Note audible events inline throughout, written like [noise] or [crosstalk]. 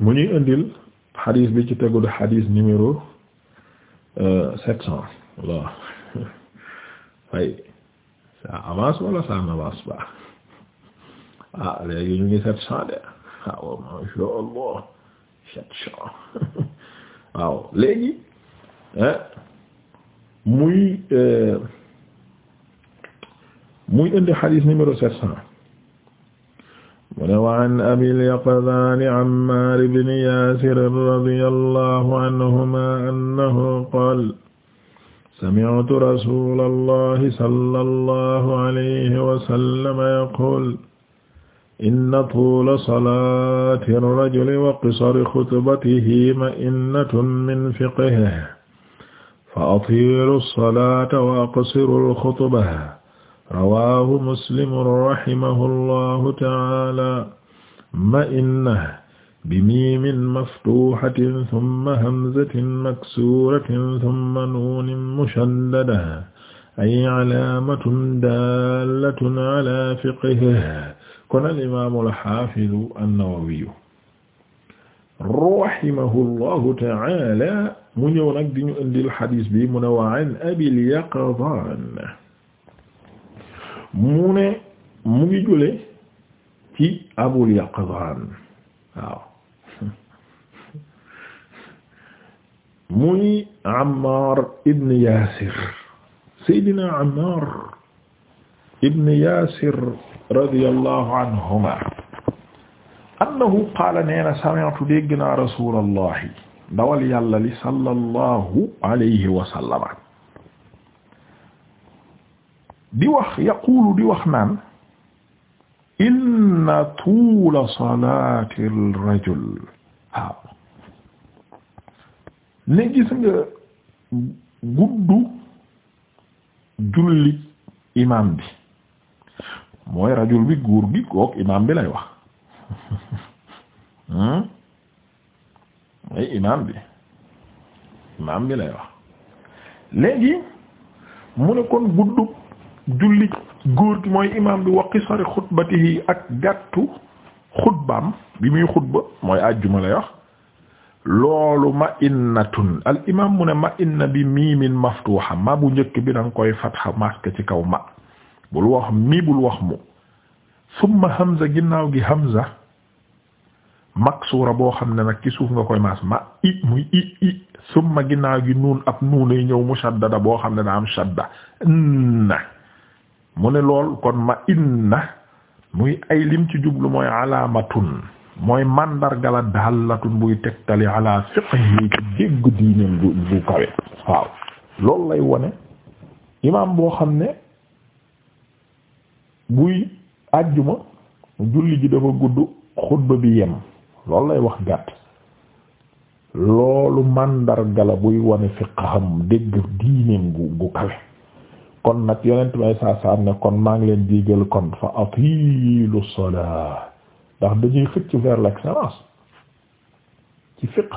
mu ñuy indil xadis bi ci tegu di numéro euh, sept cent waaw [laughs] ay ça avance wala ça n'avance pas ah léegi ñu ngi sept cent de ah, waaw masha Allah sept cent [laughs] waaw léegi muy euh, muy indi xadis numéro sept cent mu ne wa an abil yaqdaan ammaar ibn yaasir radiyallahu anhumaa annahu qaala sami'tu rasuulallahi sallallahu alayhi wa sallam yaquulu inna tuula salaati rajuli wa qisara xutbatihi ma'innatun min fiqhihi fa atiilu salaata wa aqsiru al-xutbata rawaahu muslimun rahimahullahu ta'ala ma inna bimiimin maftuhatin thumma hamzatin maksuratin thumma nuunin mushaddada ay calaamatun daallatun calaa fiqhihi kon al-imaamu al-haafidu an-Nawawiyu rahimahullahu ta'ala mu ñëw nag di ñu indil hadiis bi mu ne wa an Abil Yaqdaan mu ne mu ngi jule ci Abul Yaqzan waaw [laughs] muy Ammar ibn Yasir Seydina Ammar ibn Yasir radiyallahu anhuma annahu qaala neena sami'tu dégg naa rasulallahi dawal yàlla li sallallahu alayhi wa sallama di wax yaqulu di wax naan inna tuula salaati rajul waaw ne gis nga guddu julli imaam bi mooy rajul bi góor gi kook imaam bi lay wax hmm? mooy imaam bi imaam bi lay wax léegi mu ne kon guddu julli góor gi mooy imaam bi wa qisari xutbatihi ak gàttu xutbaam bi muy xutba mooy àjjuma lay wax loolu ma innatun al imaam mu ne ma inna bi miimin maftuuxa ma bu njëkk bi danga koy fatxa maske ci kaw ma bul wax mi bul wax mu summa hamza ginnaaw gi hamza maksuura boo xam ne nag ci suuf nga koy maas ma i muy i i summa ginnaaw gi nuun ab nuunay ñëw mushaddada boo xam ne daa am shadda na mu ne lool kon ma inna muy ay lim ci jublu mooy alaamatun mooy mandargala daalatun buy tegtali ala fiqhi ci dégg diineem bu bu kawe waaw loolu lay wone imaam boo xam ne buy àjjuma julli ji dafa gudd xutba bi yem loolu lay wax gàtt loolu mandargala buy wone fiqham dégg diineem gu gu kawe kon nag yonent may saa saa ne kon maa ngi leen digal kon fa atilu salat ndax dañuy xëcc vers l'excellence ci fiqh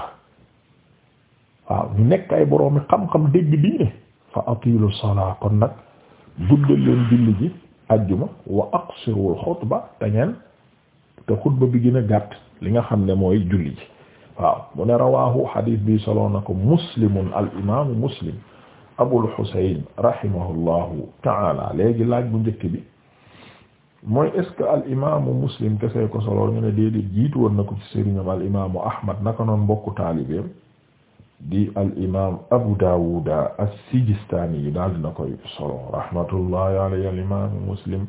waaw ñu nekk ay boroomi xam-xam dégg diine fa atilu salat kon nag guddal leen julli ji ajjuma wa aqsirul xutba te te xutba bi gën a gàtt li nga xam ne mooy julli ji waaw mu ne rawaahu xadiis bi solo na ko muslimun al muslim Abul Husayn rahimahullahu ta'ala léegi laaj bu njëkk bi mooy est-ce que al imaamu Muslim kese ko solo ñu ne déedéet jiitu woon na ko ci sëriñam al imaamu Ahmad naka noonu mbokku taalibeem di al imaam Abu Dawud as-Sijistani yi daal dina koy solo rahmatullahi alayhi al imaamu Muslim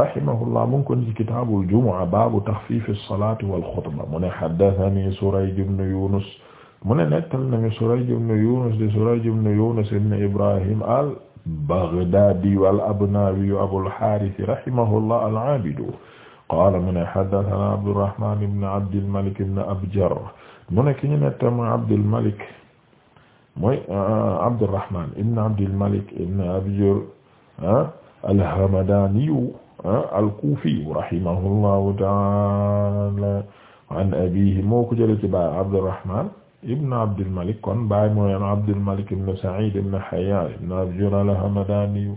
rahimahullah mu ngi ko ci kitaabul jumu'a baabu taxfiif as-salaati wal xutba mu ne haddathanii Surayj ibn Yunus mu ne nettal nañu Surayj ibn Yunus di Surayj ibn Yunus ibn Ibrahim al-Baghdadiyu al-Abnawiyu Abul Haaris rahimahullah al-Aabidu qaala mu ne haddathanaa Abdurrahmaan ibn Abdil Malik ibn Abjar mu ne ki ñu nettal mooy Abdil Malik mooy uh, Abdurrahmaan ibn Abdil Malik ibn Abjar uh, al-Hamdaaniyu uh, al-Kuufiyu rahimahullahu ta'aala an abiihi moo ko jëlee ci baay Abdurrahmaan ibn Abdul Malik kon baay mooy Abdul Malik ibn Sa'id ibn Hayyan ibn Abjar al-Hamdani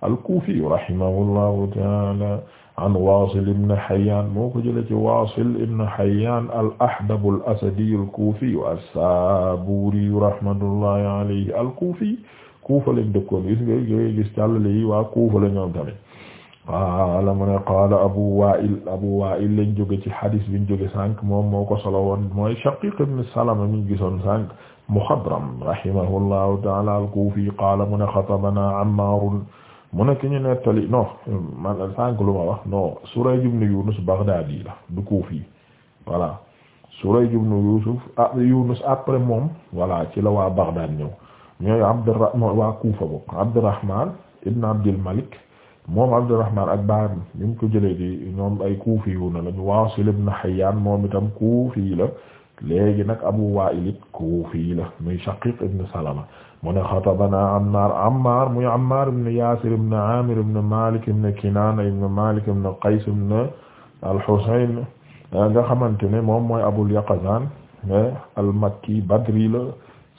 al-Kufi rahimahullahu ta'ala an Wasil ibn Hayyan moo ko jëlee ci Wasil ibn Hayyan al-Ahdab al-Asadi al-Kufi as-Saburi rahmatullahi alayhi al-Kufi Kufa lañ dëkkoon gis nga gis jàllale yi waa Kufa la ñoom tamit qaala mu ne qaala abu wa'il abu wa'il lañ jóge ci hadis biñ jóge sànq moom moo ko solo woon mooy shaqiq ibn salama miñ gisoon sànq muxadram rahimahullahu taala al-kufi qaala mu ne xatabana ammarun mu ne ki ñu nettali non man sànq lu ma wax non surayj ibn yunus baghdadi la du kufi voilà surayj ibn yusuf ah yunus après moom voilà ci la waa baghdad ñëw ñooy abdurrahman waa kufa bokk abdurrahman ibn abdul malik moom Abdurrahman ak Baar ni mu ko jëlee di ñoom ay kuufi yu na lañu Waasil ibn Hayyan moom itam kuufi la léegi nag Abu Wa'il it kuufi la muy Shaqiq ibn Salama mu ne xatabana Ammar Ammar muy Ammar ibn Yasir ibn Amir ibn Malik ibn Kinana ibn Malik ibn Qays ibn al-Husayn nga xamante ne moom mooy Abul Yaqzan al-Makki Badri la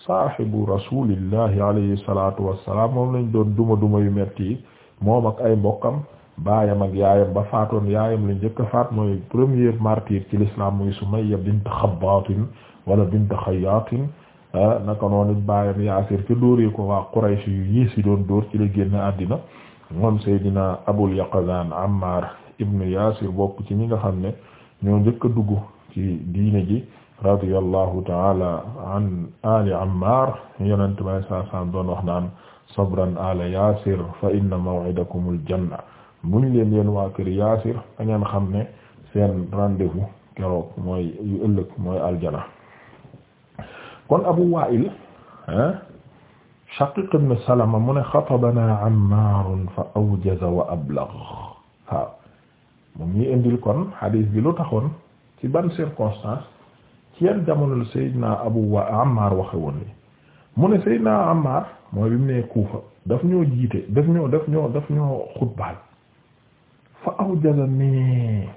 saahibu rasulillahi alayhi salatu wassalam moom lañ doon duma duma yu metti moom ak ay mbokkam baayam ak yaayam ba faatoon yaayam la njëkk faat mooy premier martyr ci l'islam muy Sumayya bint Xabbaatin wala bint Xayyaatin ah, naka noonu baayam Yaasir ci dóoree waa Quraysh yu yiis yi doon dóor ci la génn àddina moom Seydina Abul Yaqzaan Ammaar ibnu Yaasir bokk ci ñi nga xam ne ñoo njëkk a dugg ci diine ji radiyallahu taala an ali Ammaar yonent may saa saa doon wax naan sabran ala yaasir fa inna maw'idakumul janna muñ leen yéen waa kër yaasir xam ne seen rendez-vous keroog mooy yu ëllëg mooy aljana kon Abu Wa'il ah Shaqiq ibn Salama mu ne xatabana Ammaar fa awjaza wa ablagh waaw moom ñi indil kon hadith bi lu taxoon ci ban circonstance ci yan jamono la Seydina Abu Wa'il Ammaar waxe woon mu ne Seydina Ammar mooy bi mu nee Kuufa daf ñoo jiite daf ñoo daf ñoo daf ñoo xutbaal fa awjaza mais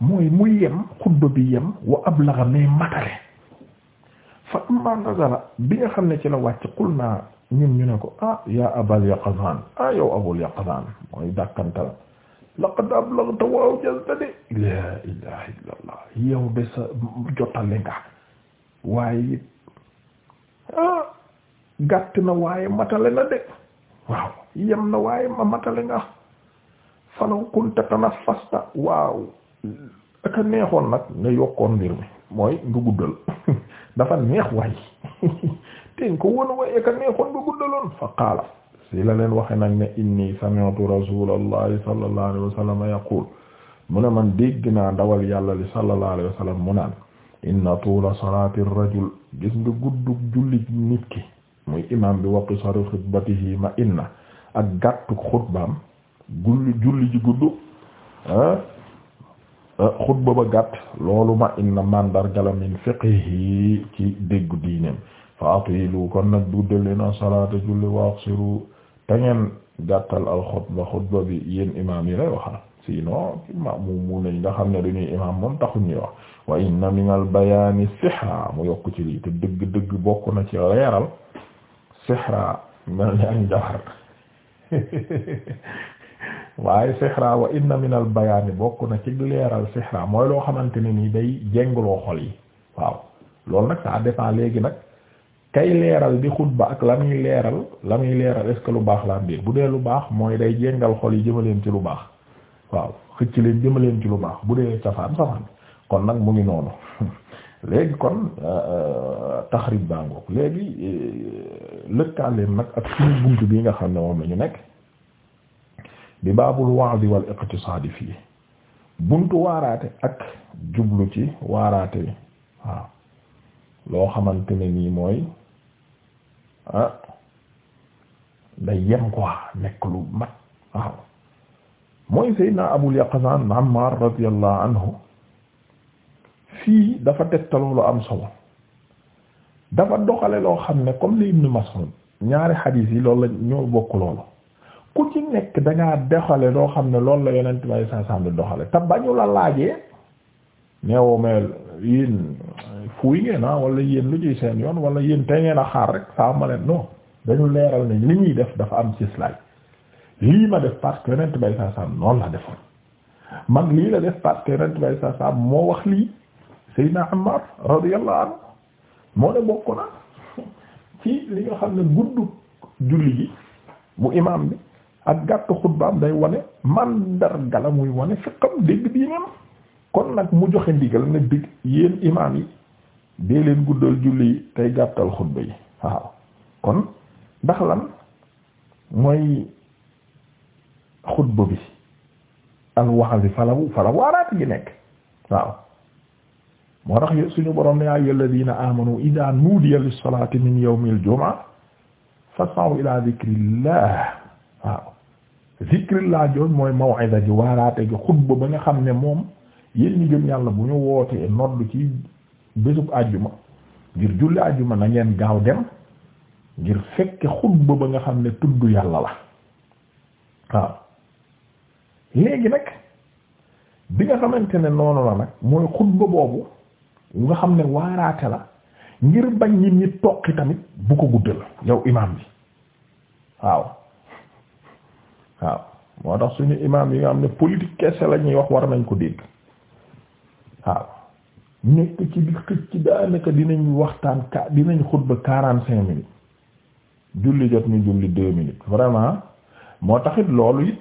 mooy mu yem xutba bi yem wa ablaga mais matale fa amma nazara bi nga xam ne ci la wàcc qul ñun ñu ne ko ah ya abal yaqzan ah yow abul yaqzan mooy dàkkanta la laqad ablagta wa awjazta de la ilaha illa allah yow de sa jotale nga waaye ah gàtt na waaye matale na de waaw yem na waaye ma matale nga falaw kunta tanaffasta waaw aka neexoon nag nga yokkoon mbir mi mooy nga guddal [laughs] dafa neex waay [laughs] ten ko won waay aka neexoon nga guddaloon fa qaala si la leen waxe nag ne inni sami'tu rasulallahi sallallahu alayhi wa sallam yaqul mu ne man dégg naa ndawal yàlla li sallallahu alayhi wa sallam mu naan inna tuula salati ar-rajul gis nga guddug jullit nit ki muy imam bi wa qisaru xutbatihi ma inna ak gàttuk xutbaam julli julli ji gudd ah, ah, xutba ba gàtt loolu ma inna mandargala min fiqhihi ci déggu diineem fa atilu kon nag duddal leen a salaata julli wa aqsiru te ngeen gàttal al xutba xutba bi yéen imam yi lay waxal sinon maamum mu mu ne nga xam ne dañuy imam moom taxul ñuy wax wa inna min al bayaani sihra mu yokk ci lii te dëgg dëgg bokk na ci leeral sihra mel ni ak njawar [laughs] waaye sihra wa inna min al bayaani bokk na ci leeral sihra mooy loo xamante ne nii day jengloo xol yi waaw loolu nag ça dépend léegi nag kay leeral di xutba ak la muy leeral la muy leeral est lu baax la am bu dee lu baax mooy day jengal xol yi jëmaleen ci lu baax waaw xëcc leen jëma leen ci lu baax bu dee safaan safaan kon nag mu ngi noonu [laughs] léegi kon euh, euh, taxrib bangoog léegi euh, lëkkaaleen nag ak suñu buntu bi nga xam ne moom la ñu nekk di baabul wa'd wal iqtisaad fii buntu waaraate ak jublu ci waaraate bi waaw loo xamante ne nii mooy ah day ko quoi nekk lu mat waaw mooy Seydina Abul Yaqzan Ammar radiyallahu anhu fii dafa tegtaloo lu am solo dafa doxale loo xam ne comme li Ibn Mas'ud ñaari xadiis yi lool la ñoo bokk loolu ku ci nekk dangaa doxale loo xam ne loolu la yonent may saasaam di doxale te bañu la laajee neewoo meel yéen fuuy ngeen ah wala lu ñuy seen yoon wala yéen tey ngeen a xaar rek saa ma leen non dañu leeral ne li ñuy def dafa am ci laaj lii ma def parce que yonent bay saa saam noonu la defoon man lii la def parce que bay saa saam moo wax lii Seydina Ammar radiyallahu anhu moo ne bokk na ci li nga xam ne gudd julli ji bu imaam bi ak gàtt xutbaam day wane mandarga la muy wane fiqam dégg diinam kon nag mu joxe ndigal ne dig yéen imaam yi dee leen guddal julli yi tey gàttal xutba yi waaw kon ndax lan mooy xutba bi al waxasi falaw falaw waaraati gi nekk waaw moo tax suñu borom ne yaa ayyuha alladina amanu ida nuudiya lissalati min yawmi aljumaa fas'aw ila dhikrillah waaw dhikrillah joon mooy maw'ida gi waaraate gi xutba ba nga xam ne moom yéen ñi gëm yàlla bu ñu wootee nodd ci bésub àjjuma ngir julli àjjuma na ngeen gaaw dem ngir fekke xutba ba nga xam ne tudd yàlla la waaw léegi nag bi nga xamante ne noonu la nag mooy xutba boobu nga xam ne waaraate la ngir bañ nit ñi toqi tamit bu ko guddal yow imaam bi waaw waaw moo tax suñu imaam yi nga xam ne politique kese la ñuy wax war nañ ko dégg waaw nekk ci di xëcc dinañ waxtaan ka dinañ xutba quarante cinq minutes julli jot ñu julli deux minutes vraiment moo taxit loolu it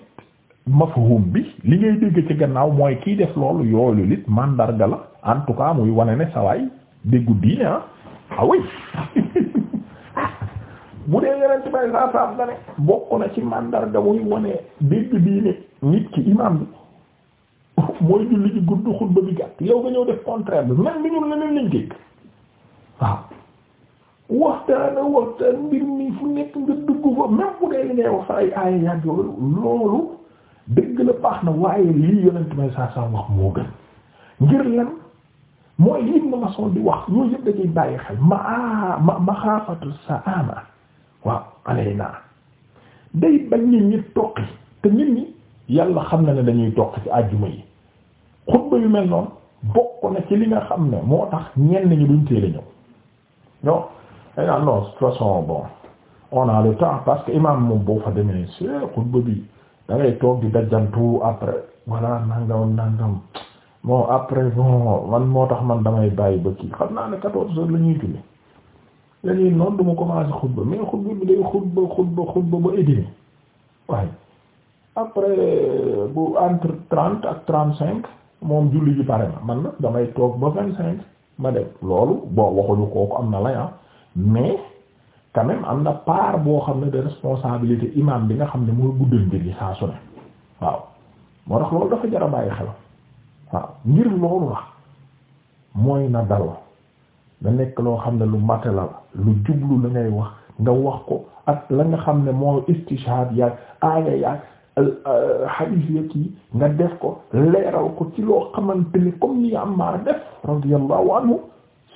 mafhum bi li ngay dégg ci gannaaw mooy kiy def loolu yoolu lit mandarga la en tout cas muy wane ne sawaay déggu diine ah away ah [laughs] bu dee yeneen bay saa saam da ne bokk na ci mandarga muy wane dégg diine nit ki imam bi [laughs] mooy julli ci gudd xutba bi yow nga ñëw def contraire bi même bi ñun leneen lañ dégg waaw waxtaana waxtaan mbir mi fu nekk nga dugg fa même bu dee li ngay wax ay aaya yàgg loolu dëgg la baax na waaye lii yonent may saa saa wax moo gën ngir lan mooy li Ibn di wax yooyu yëpp dañuy bàyyi xel ma ma maxaafatu sa ama waaw alayna day bañ nit ñi toqi te nit ñi yàlla xam na ne dañuy toq ci àjjuma yi xutba yu mel noonu bokk na ci li nga xam ne moo tax ñenn ñi duñ teel a ñëw non eh non de toute façon bon on a le temps parce que imam moom boo fa demee c'est xutba bi. da ngay toog di dajjantu après voilà nangam nangam bon après bon moo tax man damay bàyyi ba kii xam naa ne quatorze heures la ñuy julli la ñuy noon du ma xutba mais xutba bi day xutba xutba xutba ba édini waaye après bu entre trente ak trente cinq moom julli ji pare na man nag damay toog ba vingt cinq ma def loolu bon waxuñu kooku am na la ah. mais quand même am na part boo xam ne de responsabilité imam bi nga xam ne mooy guddal mbir yi saa su waaw moo tax loolu dafa jar a bàyyi xel waaw ngir loolu la mooy na dal da nekk loo xam ne lu mate la lu jublu la ngay wax nga wax ko ak la nga xam ne moo istishhad yaag aaya yaag euh, hadith ya kii nga def ko leeral ko ci loo xamante ni comme ni Ammar def radiyallahu anhu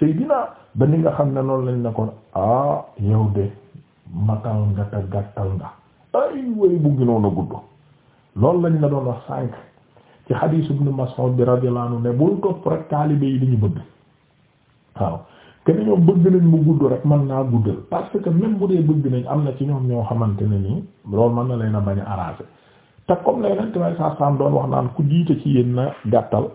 Seydina ba ni nga xam ne noonu lañ ne ko ah yow de matal nga te gàttal nga ay way bu ginoon a gudd loolu lañ la doon wax sànq ci xadiis Ibnu Mas'ud bi radiyallahu anhu ne bul topp rek taalibe yi li ñu bëgg waaw kenn ñoom bëgg nañ mu gudd rek mën naa guddal parce que même bu dee bëgg nañ am na ci ñoom ñoo xamante ne nii loolu mën na leen a bañ a arrangé te comme la yeneen tamit saa saam doon wax naan ku jiite ci yéen na gàttal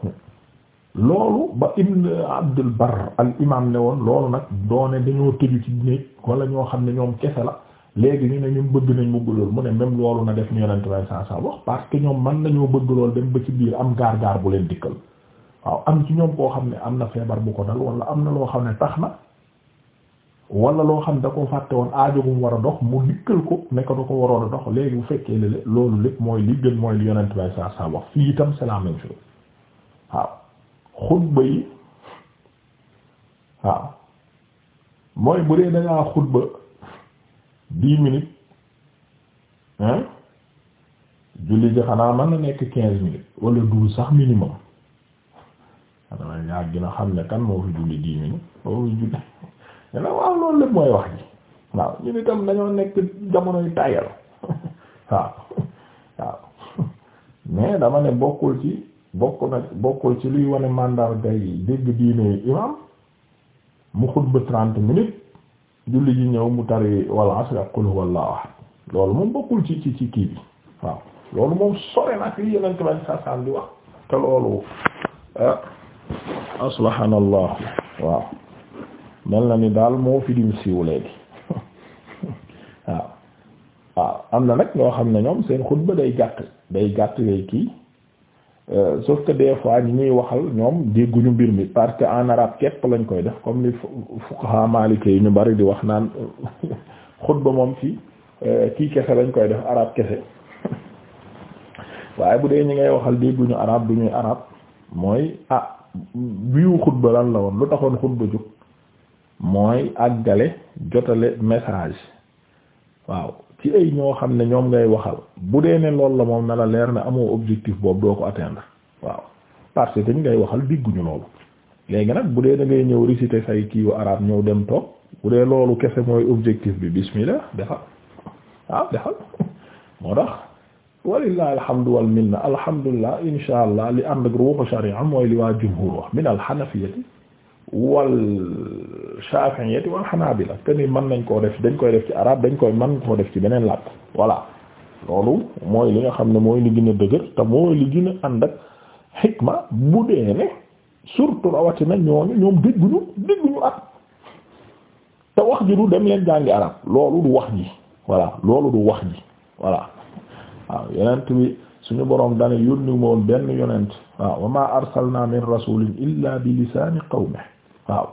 loolu ba ibn abdul bar al imaam ne woon loolu nag doone dañoo tëju ci néeg wala ñoo xam ne ñoom kese la léegi ñu ne ñun bëgg nañ mu gulool mu ne même loolu na def ñu yonent way saa saa wax parce que ñoom mën nañoo bëgg lool dem ba ci biir am gaar gaar bu leen dikkal waaw am ci ñoom koo xam ne am na feebar bu ko dal wala am na loo xam ne tax na wala loo xam da ko fàtte woon aajo bu mu war a dox mu dikkal ko nekk da ko waroon a dox léegi bu fekkee lele loolu lépp mooy li gën mooy li yonent way saa itam c'est la xutba yi waaw mooy bu dee dangaa xutba dix minutes hein julli ji xanaa man na nekk quinze minutes wala douze sax minimum xanaa yaa gën a xam ne kan moo fi julli dix minutes moo fi julli ne la waaw loolu lépp mooy wax ji waaw ñu ni tam dañoo nekk jamonoy tàyyal [laughs] waaw waaw [laughs] mais dama ne bokkul ci bokk na bokkul ci luy wane màndal gay dégg diine imam mu xutba trente minutes julli ji ñëw mu tari wal asr ak qul huwallahu ahad loolu moom bokkul ci ci ci kii bi waaw loolu moom sore nag li yeneen bañ sasaan di wax te loolu ah, aslahanallahu waaw mel na ni daal moo fi dim siiw léegi [laughs] waaw waaw am na nag ñoo xam ne ñoom seen xutba day gàtt day gàtt day kii Euh, sauf que des fois ñi ñuy waxal ñoom dégguñu mbir mi parce que en arabe képp lañ koy def comme li fuqaha maliki yi ñu bari di wax naan [laughs] xutba moom fii euh, kii kese lañ koy def arabe kese [laughs] waaye bu dee ñi ngay waxal dégguñu arabe du ñuy arabe mooy ah biu xutba lan la woon lu taxoon xutba jóg mooy àggale jotale message waaw ci ay ñoo xam ne ñoom ngay waxal bu dee ne loolu la moom na la leer ne amoo objectif boobu doo ko atteindre waaw parce que ñu ngay waxal digguñu loolu léegi nag bu dee da ngay ñëw réciter say kiiwu arabe ñëw dem toog bu dee loolu kese mooy objectif bi bismillah defal waaw defal [laughs] moo tax walillahi alhamdu wal minna alhamdulillah insha allah li ànd ak ruuxu sharia mooy li waa jumhur wax min al wal Shafi'iyya wal Hanabila te ni mën nañ koo def dañ koy def ci arab dañ koy mën koo def ci beneen voilà loolu mooy li nga xam ne mooy li gën a dëgër te mooy li gën a ànd ak xikma bu dee surtout rawatina ñooñu ñoom dégguñu dégguñu at te wax ji du dem leen jàngi arab loolu du wax ji voilà loolu du wax ji voilà waaw yonent bi suñu boroom dana yónni woon benn yonent waaw wa ma arsalna min rasulin illa bi lisani qawmihi waaw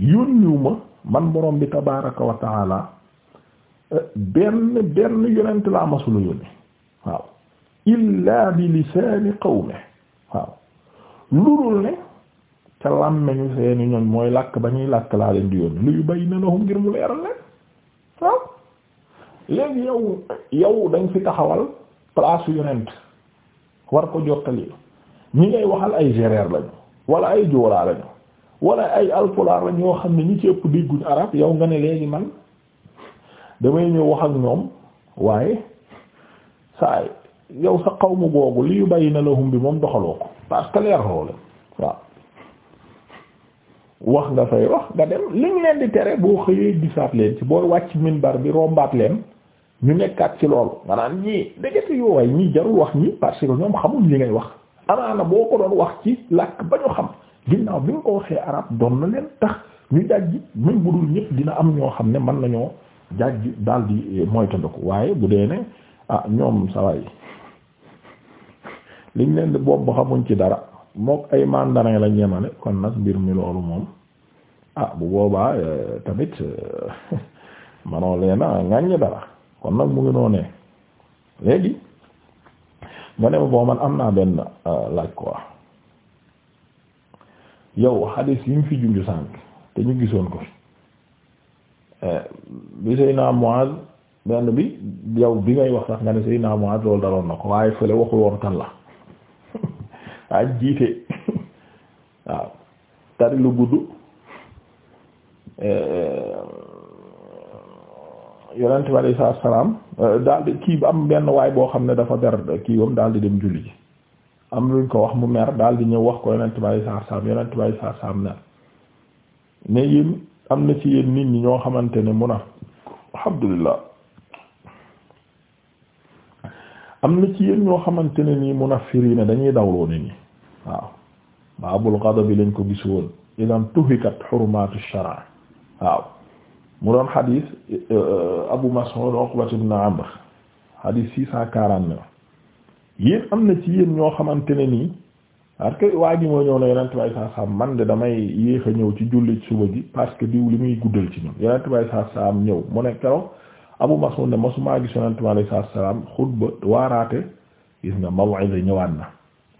yónniwu ma man borom bi tabaraka wa taala eh, benn benn yonent laa masula yónni waaw illa bi lisaani qawme waaw lurul ne ca làmmeñu seeni ñoñ mooy làkk ba ñuy làkk laa leen di yónni luyu bay na lahum ngir mu leeral leen waaw léegi yow yow dañ fi taxawal place yonent war ko jottali ñi ngay waxal ay gérer lañu wala ay joolaa lañu wala ay alpulaar la ñoo xam ne ñi ci ëpp dégguñ arab yow nga ne léegi man damay ñëw wax ak ñoom waaye saa yow sa qawmu googu li yubayyina lahum bi moom doxaloo ko parce que leer loolu waaw wax nga fay wax nga dem li ñu leen di tere boo xëyee gisaat leen ci booy wàcc minbar bi rombaat leen ñu nekkaat ci loolu nga naan ñii dëggati yoo waaye ñii jarul wax ñii parce que ñoom xamul li ngay wax amaana boo ko doon wax ci làkk ba ñu xam ginnaaw bi nga ko waxee arab doon na leen tax ñu jàjji même bu dul ñëpp dina am ñoo xam ne man nañoo jàjji daal di moytandiku waaye bu dee ne ah ñoom saway [laughs] liñ leen di boobu xamuñ ci dara mook ay mandarin lañ yemale kon nag mbir mi loolu moom ah bu boobaa eh, tamit eh, [laughs] manoo leena ŋàññ nag mu ngi noonee léegi nga ne ma boo man am naa benn eh, laaj quoi yow xadiis yi mu fi junju sànk te ñu gisoon ko bi Seydina Muaz benn bi yow bi ngay wax sax nga ne Seydina Muaz loolu daloon na ko waaye fële waxul woon la ak [laughs] jiite [laughs] waaw tari lu gudd yonent bi alayhi salaam daal di kii am benn waay boo xam ne dafa ber kii wam daal di dem julli ji am luñ ko wax mu mer daal di ñëw wax ko yonent bay saar saam yonent bay saar saam mer ne yéen am na ci yéen nit ñi ñoo xamante ne mun a alhamdulillah am na ci yéen ñoo xamante ne nii munafiriina dañuy dawloo ne nii waaw baabul ghadabi lañ ko gis woon idan tuhikat hurumatu shara waaw mu doon xadiis Abu Mas'ud Uqbat ibn Amr xadiis six cent quarante-neuf yéen am na ci yéen ñoo xamante ne nii parce que waa gi moo ñëw ne yonent bay saa saam man de damay yéex a ñëw ci julli suba ji parce que diw li muy guddal ci ñun yonent bay saa saam ñëw mu ne keroog Abu Mas'ud ne ma gis yonent bay saa saam xutba waaraate gis nga maw'ida ñëwaat na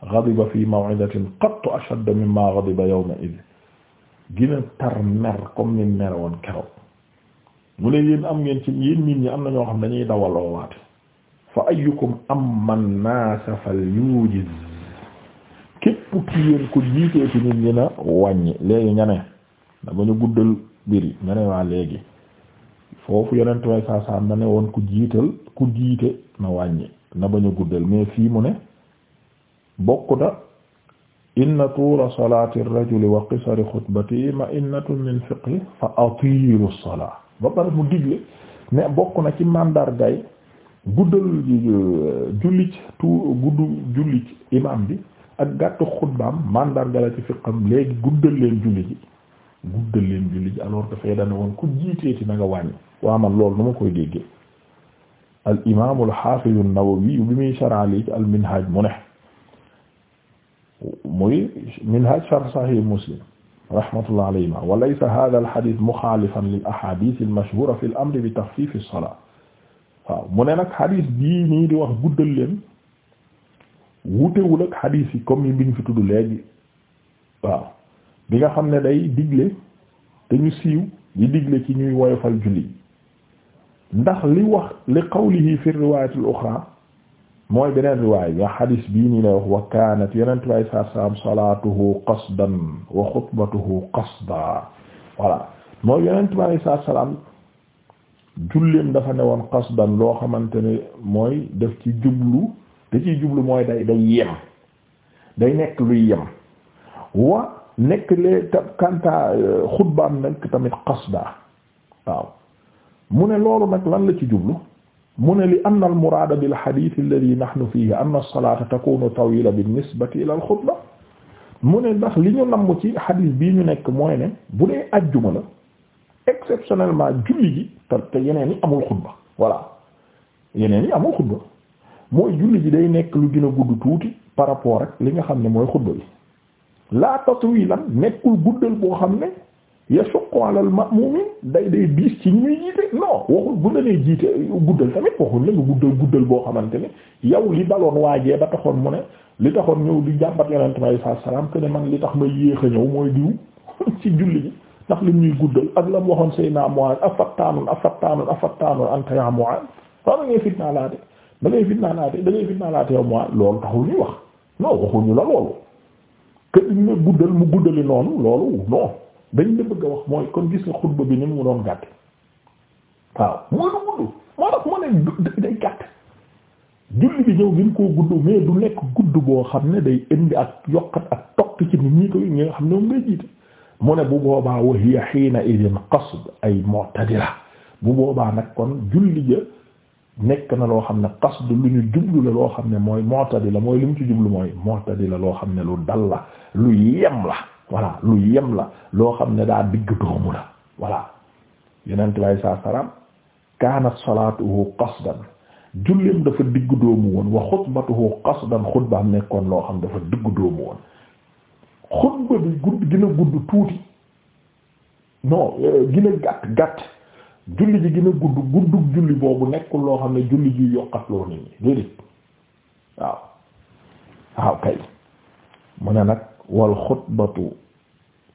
ba fi maw'idatin qattu ashadd mimma ghadiba yawma id gina tar mer comme ni mer woon keroog mu ne yéen am ngeen ci yéen nit ñi am na ñoo xam dañuy dawaloo waate fa ayyukum amma an-naasa falyujiz képp ki ku ko jiitee nit ñi na wàññi léegi nga ne dama ñu guddal mbir yi nga ne waa léegi foofu yonent way saa na ne woon ku jiital ku jiite na wàññi na bañ a guddal mais fii mu ne bokkuta inna tuura salaati rajuli wa qisari xutbatihi ma innatun min fiqhi fa atiilu salaa ba pare mu digle ne bokk na ci màndargay guddal euh, jullit tout bi ak gàttu xutbaam mandarga la ci fiqam léegi guddal leen jullit ji guddal leen jullit ji alors woon ku jiiteeti na nga waa man loolu nu koy déggee al imaamu al xaafizu an-Nawawi bi muy sharali ci al minhaj mu muy minhaj sharh sahih Muslim rahmatullah alayhima wa laysa hadha al lil ahadith al mashhura bi takhfif as-salat waaw mu ne nag xadiis bii nii di wax guddal leen wutewul ak xadiis yi comme yi biñ fi tudd léegi waaw bi nga xam ne day digle te ñu siiw di digle ci ñuy woyofal julli ndax li wax li qawlihi fi riwaayati al-uxraa mooy beneen riwaay bi xadiis bii nii lay wax wa kaanat yeneen riwaay saa saam salaatuhu qasdan wa xutbatuhu qasda voilà mooy yeneen riwaay saa salaam julleem dafa ne woon qasdan loo xamante ne mooy def ci jublu te ci jublu mooy day day yem day nekk luy yem wa nekk lee ta kanta euh, xutbaam nekk tamit qasda waaw mu ne loolu nag lan la ci jublu mu ne li anna al muraada bil hadith alladhi nahnu fihi anna as-salata takunu tawila bin nisbati ila al xutba mu ne ndax li ñu namm ci hadith bii ñu nekk mooy ne bu dee ajjuma la exceptionnellement julli ji te te yeneen yi amul xutba voilà yeneen yi amul xutba mooy julli ji day nekk lu gën a gudd tuuti par rapport rek li nga xam ne mooy xutba bi laa tatwilan nekkul guddal boo xam ne yasuqu ala al ma'mumin day day diis ci ñuy jiite non waxul bu la nee jiite guddal tamit waxul la nga guddal guddal boo xamante ne yow li baloon waajee ba taxoon mu ne li taxoon ñëw di jàmbat yonent bi sallallahu alayhi wasallam que ne man li tax ma yéex a ñëw mooy diw [laughs] ci julli ji ndax li ñuy guddal ak la mu waxoon Seydina Muaaz afattaanun afattaanun afattaanun anta yaa Muaaz da ngay fitnaa laate da ngay fitnaa laate da ngay fitnaa laate yow Muaaz loolu taxul ñuy wax non waxuñu la loolu que ñu guddal mu guddali noonu loolu non dañ la bëgg a wax mooy kon gis nga xutba bi ni mu doon gàtt waaw mooy lu gudd moo tax mu ne day gàtt julli bi ñëw gën koo gudd mais du nekk gudd boo xam ne day indi ak yokkat ak tokk ci mu ne bu boobaa wa hiya xiina idin qasd ay mu'tadila bu boobaa nag kon julli ja nekk na loo xam ne qasd lu ñu jublu la loo xam ne mooy mu'tadila mooy li mu ci jublu mooy mu'tadila loo xam ne lu dal la lu yem la voilà lu yem la loo xam ne daa digg doomu la voilà yeneen tubaab yi saa salaam kaanat salaatuhu qasdan julleem dafa digg doomu woon wa xutbatuhu qasdan xutbaam nekkoon loo xam dafa diggu doomu woon. xutba bi gudd gën gudd tuuti non euh, gën gàtt gàtt julli ji gën gudd guddug julli boobu nekkul loo xam ne julli ji yokkatloo nit ñi déedéet waaw waaw kay mu ne nag wal xutbatu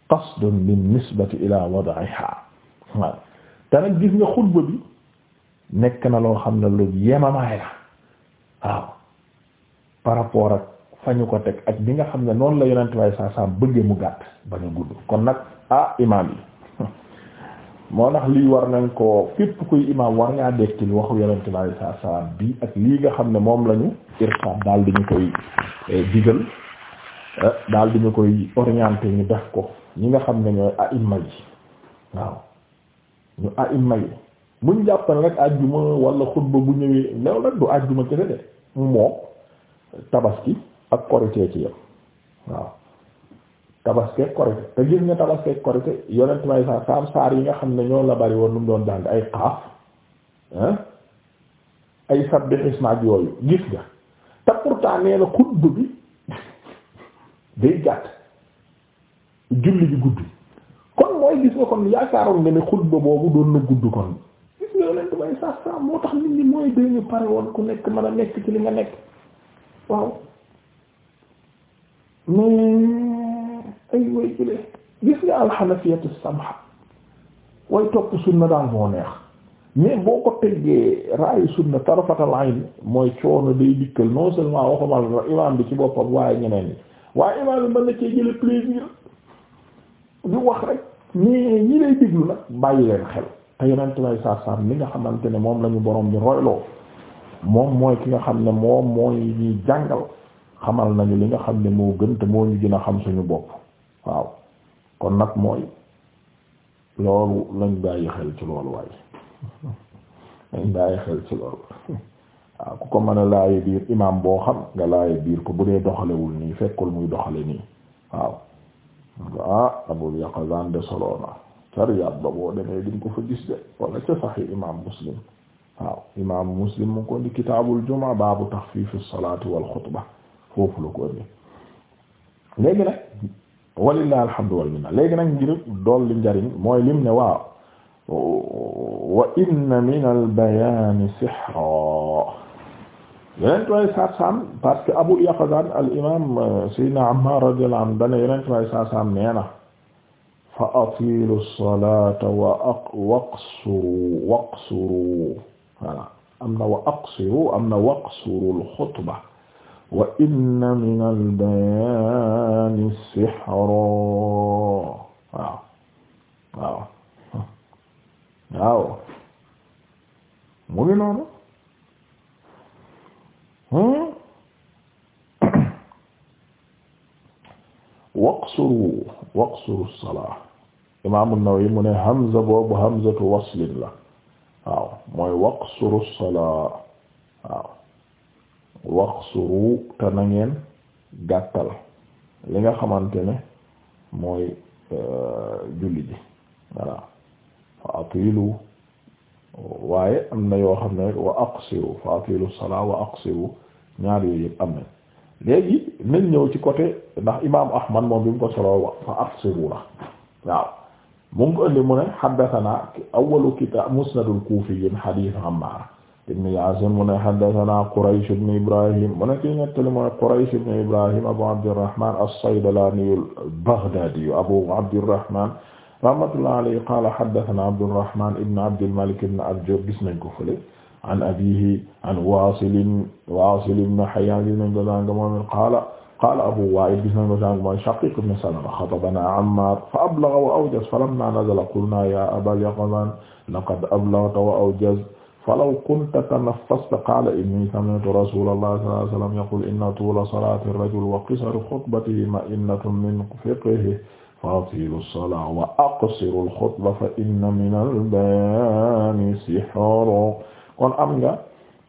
qasdun bin nisbati ila wad'iha waaw te nag gis nga xutba bi nekk na loo xam ne lu yemamaay la waaw par rapport ak fa ñu ko teg ak bi nga xam ne noonu la yonent way saa saa bëggee mu gàtt ba ñu gudd kon nag ah imaam yi [laughs] moo tax lii war nañ ko képp kuy imaam war ngaa dekkil waxu yonent saa saa bi ak lii nga xam ne moom lañu irsaad daal di ñu koy eh, digal eh, daal di ñu koy orienté ñu def ko ñi nga xam ne ñooy a'imma yi waaw ñu a'imma yi buñ jàppal rek àjjuma wala xutba bu ñëwee new nag du àjjuma moo tabaski ak korite ci yam waaw te gis nga tabaskeek korite yonent may sa saam saar yi nga xam ne ñoo la bari woon nu mu doon jàng ay xaaf ah, ay sabbih isma ak yooyu gis nga te pourtant nee xutba bi [laughs] day gàtt julli bi gudd kon mooy gis nga kon yaakaaroon nga ne xutba boobu doon na gudd kon gis nga yonent may sa saam moo tax nit mooy dee ñu pare woon ku nekk mën a nekk ci li nga nekk waaw mais ay way jële gis nga alxanafiyatu samha way topp sunna daal moo neex mais boo ko teggee raayu sunna tarafatal ayn mooy coono day dikkal non seulement waxumal imaam bi ci boppam waaye ñeneen ñi waaye imaam bi mën na cee jële plaisir di wax rek mais ñi lay déglu nag bàyyi leen xel te yonent may saar mi nga xamante ne moom lañu borom bi royloo moom mooy ki nga xam ne moom mooy jàngal xamal nañu li nga xam ne moo gën te moo ñu gina xam suñu bopp waaw kon nag mooy loolu lañ bàyyi xel ci loolu waaye ci loolu waaw ku ko mën a laaye biir imaam boo xam nga laaye biir ko bu dee doxalewul nii fekkul muy doxale nii waaw ah abul yaqazan de solo na ca ba boo demee diñ ko fa gis de wala ca imaam Muslim waaw imaam Muslim mu ngi ko di kitaabul jumaa baabu taxfiif as-salaati wal xutba foofu la ko alhamdu wal minna léegi nag ngir mooy lim ne waaw wa inna min al bayani sihra yeneen tuwaay saasam parce que Abu Yaqzan al imaam euh, Sayyidina Ammar radiyallahu anhu dana yeneen tuwaay saasam nee na fa atilu salata wa aq waqsuru waqsuru voilà am na wa aqsiru am na wa inna min albayaani sihran waaw waaw waaw mu ngi noonu waqsuru waqsuru salaa imaam an-Nawawi mu ne hamza boobu hamzatu waslin la waaw mooy waqsuru salaa waaw waqsuru te na ngeen gàttal li nga xamante ne mooy euh, julli ji voilà fa atilu waaye am na yoo xam ne rek wa aqsiru fa atilu salaa wa aqsiru ñaar yooyu yëpp am nañ léegi nañ ñëw ci côté ndax imaamu ahmad moom bi mu ko solo wa fa aqsiru la waaw mu ko indi mu ne haddathana awwalu kitaab musnadul kuufiyyin hadiis Ammaar ibn Yaasin mu ne haddasanaa Quraysh ibn Ibrahim mu ne kii nettali mooy Quraysh ibn Ibrahim Abu Abdirrahmaan as-Saydalaani al-Baghdaadi Abu Abdirrahmaan rahmatullahi alayhi qaala haddasanaa Abdurrahmaan ibn Abdilmalik ibn Abjar gis nañ ko fële an abiihi an Waasil Waasil ibn Hayyaan gis nañ ko daan moom qaala qaala Abu Waa'il gis nañ ko daan mooy Shaqiiq ibn Salama xatabanaa Ammaar fa ablagha wa awjaz falammaa nazala qulnaa yaa Abal Yaqzaan laqad ablagta wa awjazta falaw kunta tanaffasta qaala inni sami'tu rasulallah sallallahu alayhi wa sallam yaqul inna tuula salaati rajuli wa qisara xutbatihi ma'innatun min fiqhihi faatilu salaa wa aqsiru al-xutba fa inna mina al-bayaani sihran kon am nga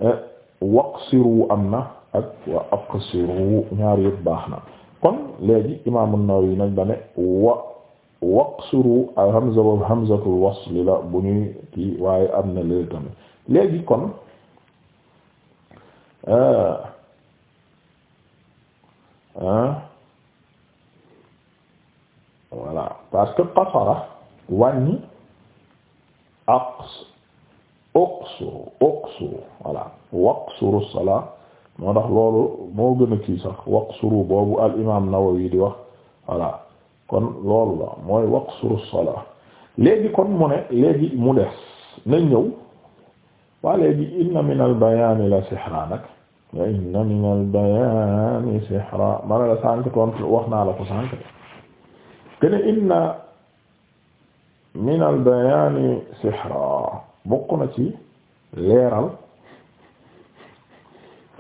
eh, waqsiru am na ak wa aqsiru ñaar yëpp baax na kon léegi imaam an-Nawawi nag dane wa waqsiru hamza wa hamzatul wasl la bu ñuy kii waaye am na lee tamit léegi kon euh, voilà parce que qasara wàññi aqs uqsuru uqsuru voilà waqsuru salaa moo tax loolu moo gën a kii sax waqsuru boobu al imaam Nawawi di wax voilà kon loolu la mooy waqsuru salaa léegi kon mu ne léegi mu des na ñëw waa léegi inna min albayaani la sihra nag wa inna min albayaani sihra mana la sànk toon wax naa la ko sànk de kene inna min albayaani sihra bokk na ci leeral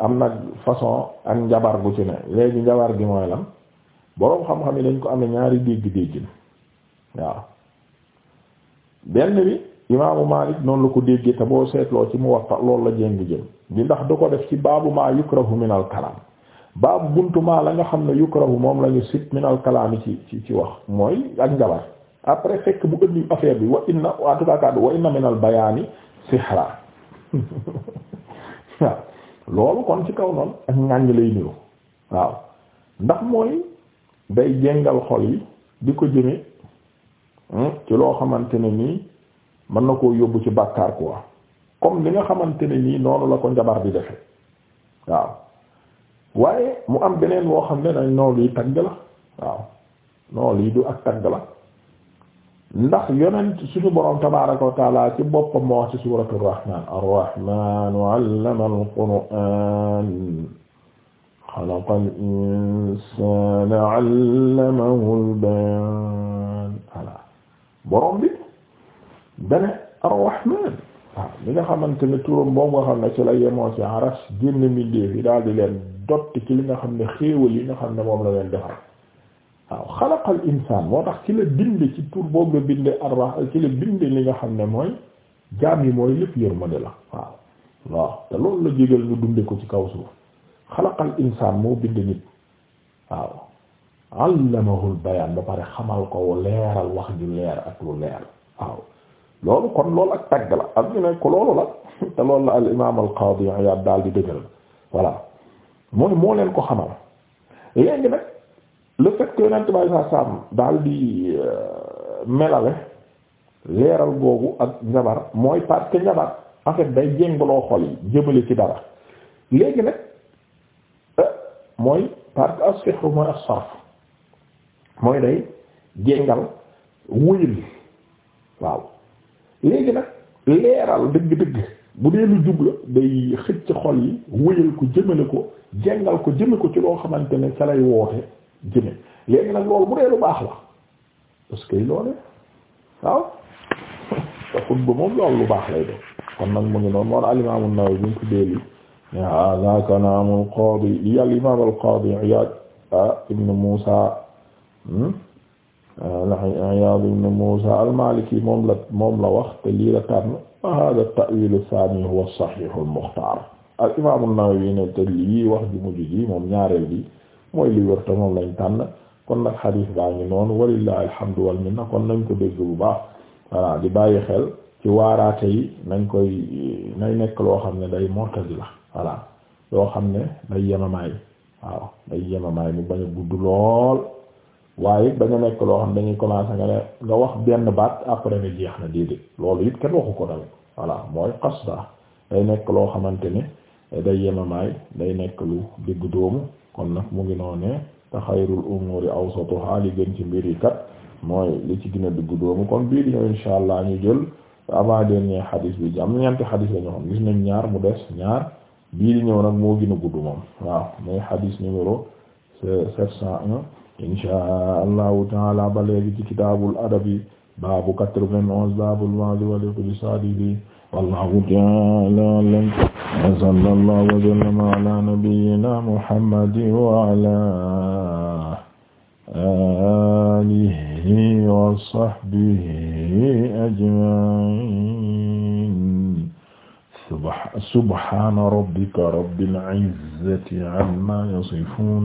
am nag façon ak njabar gu ci ne léegi njabar gi mooy lan boroom xam-xam yi dañ ko amee ñaari dégg déggin waaw benn bi imaamu Maalik noonu la ko déggee te boo seetloo ci Muwatta loolu la jéngi jëm di ndax du ko def ci baabu maa yukrahu minal kalaam baabu buntu maa la nga xam ne yukrahu moom la ñu sit minal kalaam ci ci wax mooy ak njabar après fekk bu ëndi affaire bi wa inna en tout cas kaddu wa inna minal bayaani sihra [laughs] waaw loolu kon ci kaw noonu ak ngàññ lay niru waaw ndax mooy day jéngal xol yi di ko jëme hmm, ci loo xamante ne nii mën na koo yóbbu ci bàkkaar quoi comme li nga xamante ne nii noonu la ko njabar bi defe waaw waaye mu am beneen moo xam ne dañ noonu lii tagg la waaw noonu lii du ak tagg la ndax yonent suñu boroom tabaaraka wa ci boppam moo wax ci suuratul rahmaan ar-rahmaanu allama quraan xalaqa al-insaana allamahu al-bayaan xamante ne turam moom nga xam ne ci la yemoo ci aras génn mindee fi daal di leen dotti ci li nga xam ne xéewal yi nga xam ne moom la leen defal waaw xalaqal insaan moo tax ci la bind ci tur boobu la binde arra ci la binde li nga xam ne mooy jaam yi mooy lépp yërmande la waaw waaw te loolu la jégal ñu dunde ko ci kaw suuf xalaqal insaan moo bind nit waaw allamahul bayaan ba pare xamal ko leeral wax ju leer ak lu leer waaw loolu kon loolu ak tagg la am ñu ne ko loolu la [laughs] te loolu la al imaam al qaadi Iyaad daal di dëgëral voilà mooy moo leen ko xamal léegi nag le fait que yonent bay saa saam daal di euh, melale leeral googu ak njabar mooy parce que njabar en fait day jéngaloo xol yi jëmale ci dara léegi nag euh, mooy parce que as-sihr mooy as mooy day jéngal wuyul waaw léegi nag leeral dëgg-dëgg bu dee lu jub la day xëcc xol yi wéyal ko jëmale ko jengal ko jëme ko ci loo xamante ne ca lay woote jëme léegi nag loolu bu dee lu baax la parce que loole waaw [laughs] te moom loolu lu baax lay def kon nag mu ngi noonu moon al imam an ñu tuddee li hada kalaamul qaadi li al imam al qaadi Iyaad ah, ibn Muusaa hmm? Iyaad ibn Muusaa moom la moom la wax te lii la tànn wa haadha at-ta'wiil ath-thaani huwa as al-mukhtaar al-imaam an te lii wax ju mujj ji moom ñaareel bi mooy li wër te moom lañ tànn kon nag xadiis baa ngi noonu walillaahi alhamdu wal minna kon nañ ko dégg bu baax voilà di bàyyi xel ci waaraate yi nañ koy nay nekk loo xam ne day mortasi la voilà loo xam ne day yemamaay waaw day yemamaay mu bañ a gudd lool. waaye it dañu nekk loo xam dañuy commencer nga ne nga wax benn baat après ne jeex na déedéet loolu it kenn waxu ko tamit voilà mooy qasda day nekk loo xamante ne day yemamaay day nekk lu diggu doomu kon nag mu ngi noonu ne te xayrul umuri awsatuha li gën ci mbir yi kat mooy li ci gën a diggu doomu kon bii di ñëw insha allah ñu jël avant dernier xadiis bi am ñeenti xadiis la xam gis nañ ñaar mu des ñaar bii di ñëw nag moo gën a gudd moom waaw mooy xadiis numéro sept insha allahu taala ba léegi ci kitaabul adabi baabu quatre-vingt-onze baabul maadi wal iqtisaadi wallahu taala a'lam wa sallallahu wa sallama ala nabiyyina muhammadin wa ala alihi wa sahbihi ajma'in subhana rabbika rabbil izzati amma yasifun